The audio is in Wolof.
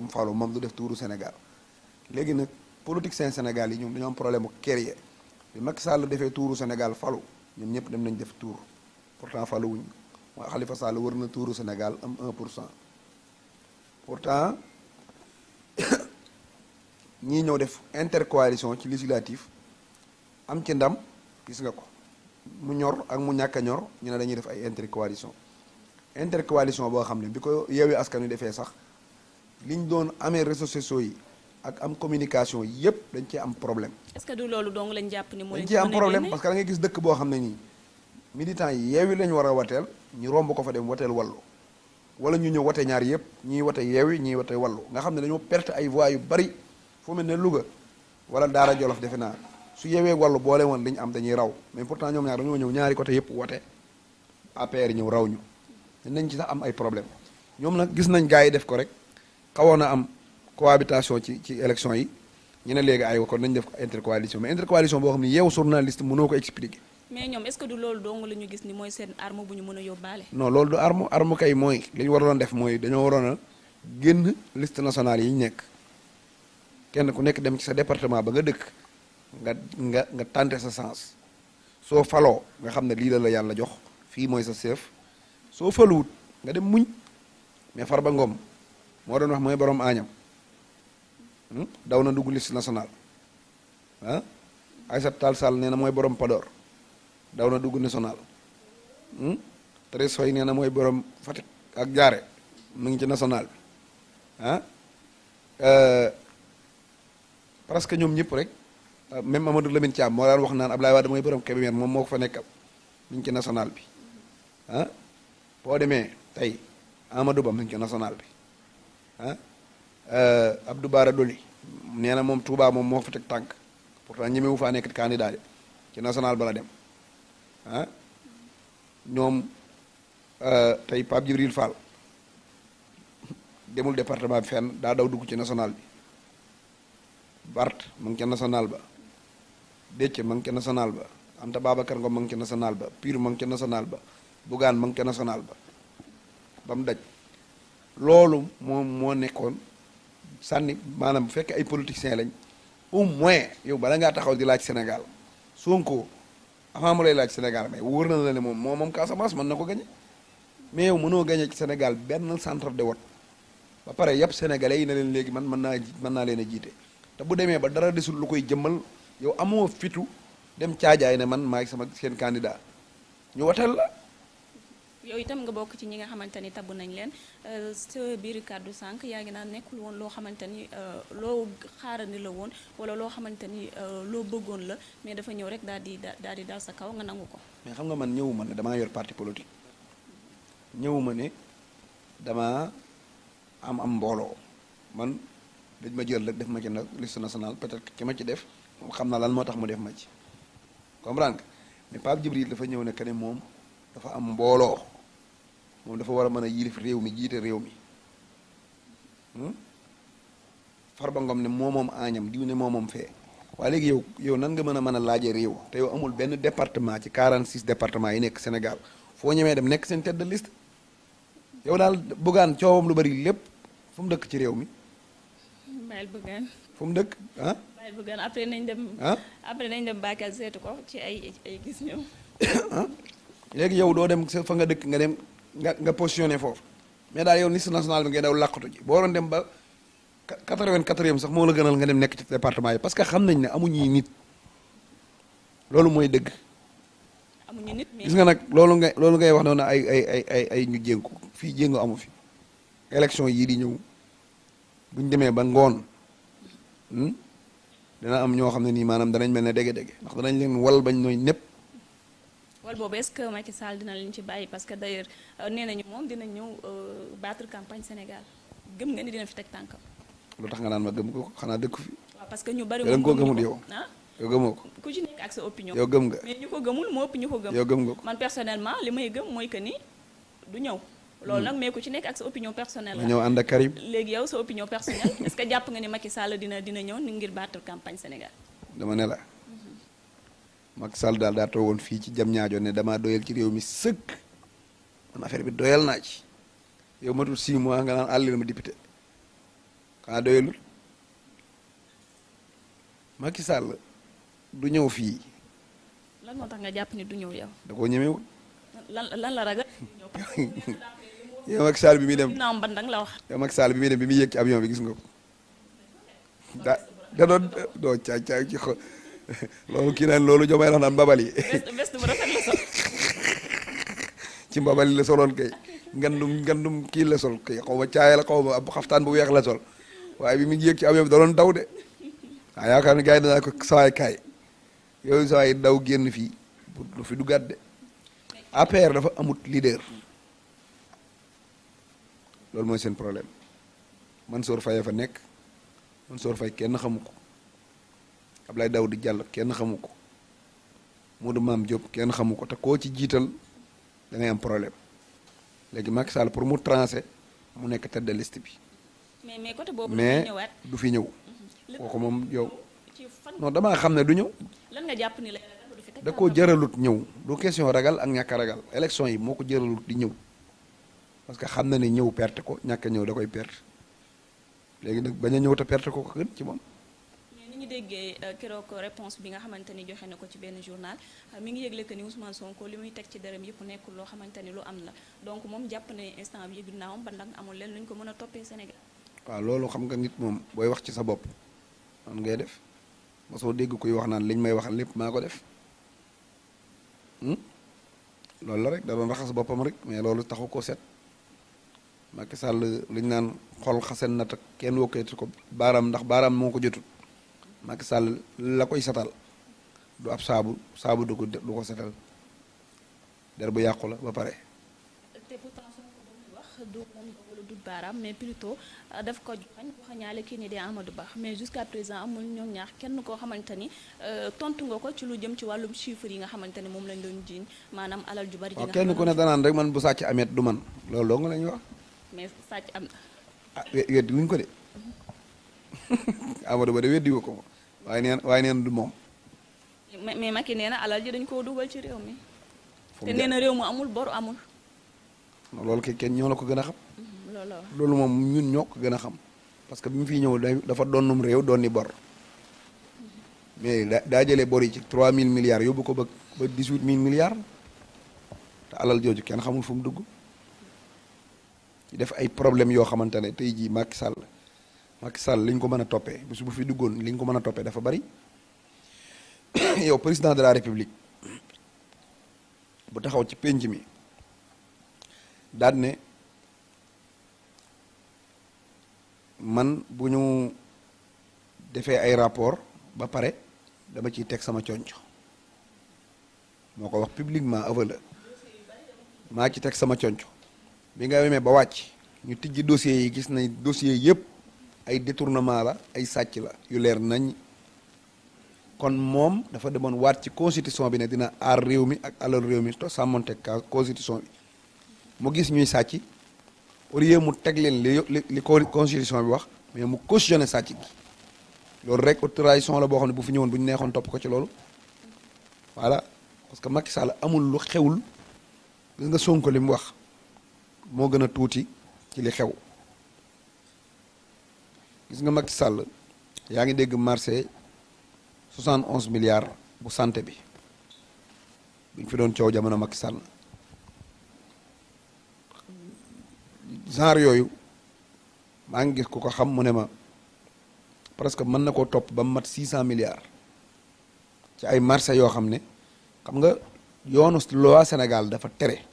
mu falu moom du def tuuru Sénégal léegi nag politiciens Sénégal yi ñoom dañoom am problème mu carrière bi mag Sall defee tuuru Sénégal falu ñoom ñëpp dem nañ def tuur pourtant falu wuñ waa xalifa Sall wër na tuuru Sénégal am 1 pour cent pourtant ñii ñëw def intercoalition ci législatif am ci ndam gis nga ko mu ñor ak mu ñàkk a ñor ñu ne dañuy def ay intercoalition intercoalition boo xam ne bi ko yeewi askan wi defee sax. liñ doon amee réseaux sociaux yi ak am communication yépp dañ ci am problème. est que du loolu dong lañ jàpp ni moo dañ cee am problème parce que da ngay gis dëkk boo xam ne nii militants yi lañ war a wateel ñu romb ko fa dem wateel wallu wala ñu ñëw wate ñaar yépp ñuy wate yi ñuy wate wallu nga xam ne dañoo perte ay voix yu bari fu mel ne Louga wala a Jolof defe naa su yeewee wallu boole woon li am dañuy raw mais pourtant ñoom ñaar dañoo ñëw ñaari côté yépp wate APR ñëw raw ñu nañ ci sax am ay problème ñoom nag gis nañ gars yi def ko rek xawoon na am cohabitation ci ci élection yi ñu ne léegi ay kon nañ def intercoalition mais intercoalition boo xam ne yow journaliste mënoo ko expliquer. mais ñoom est-ce que du loolu dong la ñu gis ni mooy seen arme bu ñu mën a yóbbaale. non loolu du arme arme kay mooy li ñu waroon def mooy dañoo waroon a génn liste nationale ñu nekk kenn ku nekk dem ci sa département ba nga dëkk nga nga nga tenter sa sens soo faloo nga xam ne lii la la yàlla jox fii mooy sa chef soo faluwut nga dem muñ mais ba ngoom moo doon wax mooy borom aañam hmm? daw na dugg liste nationale ah Aïssata nee na mooy borom daw na dugg national hmm? Thérèse Faye nee na mooy borom Fatick ak jaare mu ngi ci national ah euh, parce que ñoom ñëpp rek euh, même Amadou Lamine Thiam moo daan wax naan Abdoulaye Wade mooy borom Kébémer moom moo ko fa nekkal ci national bi ah? boo demee tey Amadou Ba mu ngi ci national bi ah Abdou Bara Dolly nee na moom Touba moom moo fa teg tànk pourtant ñemewu faa nekk candidat de ci national ba la dem ah ñoom euh, tey Pape Djibril Fall demul département bi fenn daa daw dugg ci national bi Bart mu ngi national ba Déthié ma ngi ca national ba Anta Babacar Ngom ma ngi ca national ba Pire ma ngi national ba Bougane ma ngi national ba ba daj loolu moom moo nekkoon sànni maanaam bu fekkee ay politiciens lañ au moins yow bala ngaa taxaw di laaj Sénégal Sonko avant mu lay laaj Sénégal mais wóor na la ne moom moom moom Casamance mën na ko gañe mais yow mënoo gañe ci Sénégal benn centre de wot ba pare yëpp sénégalais yi ne leen léegi man mën naa mën naa leen a jiite te bu demee ba dara desul lu koy jëmmal yow amoo fitu dem caajaay ne man maay sama seen candidat ñu wateel la. yow itam nga bokk ci ñi nga xamante ni tabb nañ leen euh, sa biir kàddu sànq yaa ngi naa nekkul woon loo xamante ni euh, loo xaarandi la woon wala loo xamante ni euh, loo bëggoon la mais dafa ñëw rek daal di daal di sa kaw nga nangu ko. mais xam nga man ñëwuma ne damaa yor parti politique ne damaa am am mbooloo man dañ ma jël rek def ma ci nag liste nationale peut-être ki ma ci def moom xam naa lan moo tax mu def ma ci comprendre nga mais Pape Djibril dafa ñëw ne que moom dafa am mbooloo. moom dafa war a mën a yilif réew mi jiite réew mi hmm? Farba ne moo moom Agnam diw ne moo moom fee waa léegi yow yow nan nga mën a mën a laajee réew te yow amul benn département ci 46 département yi nekk Sénégal foo ñemee dem nekk seen tête de yow daal bëggaan coowam lu bari lépp fu mu dëkk ci réew mi. Baal dëkk ah. Baal bëggaan après nañ dem. ah ko ci ay ah? léegi yow doo dem fa nga dëkk nga dem. nga nga positionné foofu mais daal yow liste nationale bi ngay daw làqatu ji boo waroon dem ba quatre-vingt-quatrième sax moo la gënal nga dem nekk ci département yi parce que xam nañ ne amuñuy nit loolu mooy dëgg. amuñu gis nga nag loolu ngay loolu ngay wax noonu ay ay ay ay ay ñu jéngu fii jéngu amu fi. élection yii di ñëw buñ demee ba ngoon hmm, dina am ñoo xam ne nii maanaam danañ mel ne dégg-dégg ndax danañ leen wal bañ nooy népp école boobu est-ce que Macky Sall dina leen ci bàyyi parce que d'ailleurs euh, nee nañu moom dina ñëw euh, battre campagne Sénégal gëm nga ni dina fi teg tànkam. lu tax nga naan ma gëm ko xanaa dëkk fi. waaw parce que ñu bari moom ko gëmul yow. yow gëmoo ko ku ci nekk ak sa opinion. yow gëm nga mais ñu ko gëmul ëpp ñu ko gëm. gëm nga ko man personnellement li may gëm mooy que ni du ñëw. loolu hmm. nag mais ku ci nekk ak sa opinion personnelle la. ñëw ànd ak Karim. léegi yow sa opinion personnelle est-ce que jàpp nga ni Macky Sall dina dina ñëw ngir battre campagne Sénégal. dama ne Macky Sall daal daa toogoon fii ci jam ñaajo ne damaa doyal ci réew mi sëkk man affaire bi doyal naa ci yow matul 6 mois nga naan àllil ma député xanaa doyalul Macky Sall du ñëw fii. lan moo tax nga jàpp ni da koo ñemewul. lan la ragal. yow Macky Sall bi muy dem naam ban bi muy yëg ci avion bi gis nga ko. da doo caay ci xol. loolu kii naan loolu jomay naan babali ci babali la soloon kay ngandum ngandum kii la sol kay xaw ma caaya la xaw ma xaftaan bu weex la sol waaye bi mu ngi yéeg ci avion bi da doon daw de waaw yaakaar ne gars yi danaa ko sawaay kaay yooyu sawaay daw génn fii du fi du gàdde APR dafa amut leader loolu mooy seen problème Mansour Faye fa nekk Mansour Faye kenn xamu ko lay daw di jàll kenn xamu ko Modou Mame Diop kenn xamu ko te koo ci jiital da ngay am problème léegi Macky Sall pour mu tranché mu nekk tête de bi. mais du fi ñëw. Mm-hmm. kooku moom yow. non damaa xam ne du ñëw. lan da koo jëralut ñëw du question ragal ak ñàkk ragal élection yi moo ko jëralut di ñëw parce que xam na ne ñëw perte ko ñàkk ñëw da koy perte léegi nag bañ a ñëw te perte ko ko gën ci moom. déggee euh, keroog réponse bi nga xamante ni joxe na ko ci benn journal euh, mi ngi yëgle que ni Ousmane Sonko li muy teg ci dërëm yëpp nekkul loo xamante ni lu am la donc moom jàpp ne instant bi ginnaawam ban nag amul leen lu ñu ko mën a toppee Sénégal. waaw loolu xam nga nit moom booy wax ci sa bopp noonu ngay def mosoo dégg kuy wax naan liñ may waxal lépp maa ko def hmm? loolu la rek da doon boppam rek mais loolu taxu ko set. Macky Sall liñ naan xol xasen na tak kenn wokkeeti ko baaraam ndax baaraam moo ko jotut Macky Sall la koy satal du ab saabu saabu du ko du ko satal der bu yàqu la ba pare. te pourtant su ko doon wax du moom du baaraam mais plutôt euh, daf ko joxañ waxa ñaale kii nii di Amadou mais jusqu'à présent amul ñoom ñaar kenn koo xamante ni euh, tontu nga ko ci lu jëm ci wàllum chiffre yi nga xamante ni moom lañ doon jiiñ maanaam alal ju bari. waaw kenn ku ne danaan rek man bu sàcc amet du man loolu dong la ñuy wax. mais sàcc am na. ah weddi wuñ ko de mhm. Amadou Ba de weddi wu ko waaye neen waaye neen du moom. mais Macky nee na alal ji dañ koo dugal ci réew mi. te nee na réew mu amul bor amul. loolu kay kenn ñoo la ko gën a xam. Mm-hmm, loolu moom ñun ñoo ko gën a xam parce que bi mu fiy ñëw dafa doonum réew doon ni bor. Mm-hmm. mais daa jëlee bor yi ci mille milliards yóbbu ko ba ba 18000 milliards te alal jooju kenn xamul fu mu dugg. def ay problème yoo xamante ne tey jii Macky Sall Macky Sall li ko mën a toppee bis bu fi duggoon li ñu ko mën a toppee dafa bari président de la république bu taxaw ci pénc mi daan ne man bu ñu defee ay rapport ba pare dama ciy teg sama conc moo ko wax publiquement avale maa ci teg sama conc bi nga wemee ba wàcc ñu tijj dossiers yi gis na dossier yëpp ay détournement la ay sàcc la yu leer nañ kon moom dafa demoon waat ci constitution bi ne dina aar réew mi ak alal réew mi to sàmmonte constitution bi mu gis ñuy sàcc au lieu mu teg leen li li constitution bi wax mais mu cautionné sàcc gi loolu rek autorisation la boo xam ne bu fi ñëwoon bu ñu neexoon topp ko ci loolu voilà parce que Macky Sall amul lu xewul gis nga Sonko li mu wax moo gën a tuuti ci li xew gis nga Macky Sall yaa ngi dégg marché 71 milliards bu sante bi buñ fi doon coow jamono Macky Sall genre yooyu maa ngi gis ko ko xam mu ne ma presque mën na ko topp ba mu mat cent milliards ci ay marché yoo xam ne xam nga yoonu loi Sénégal dafa tere.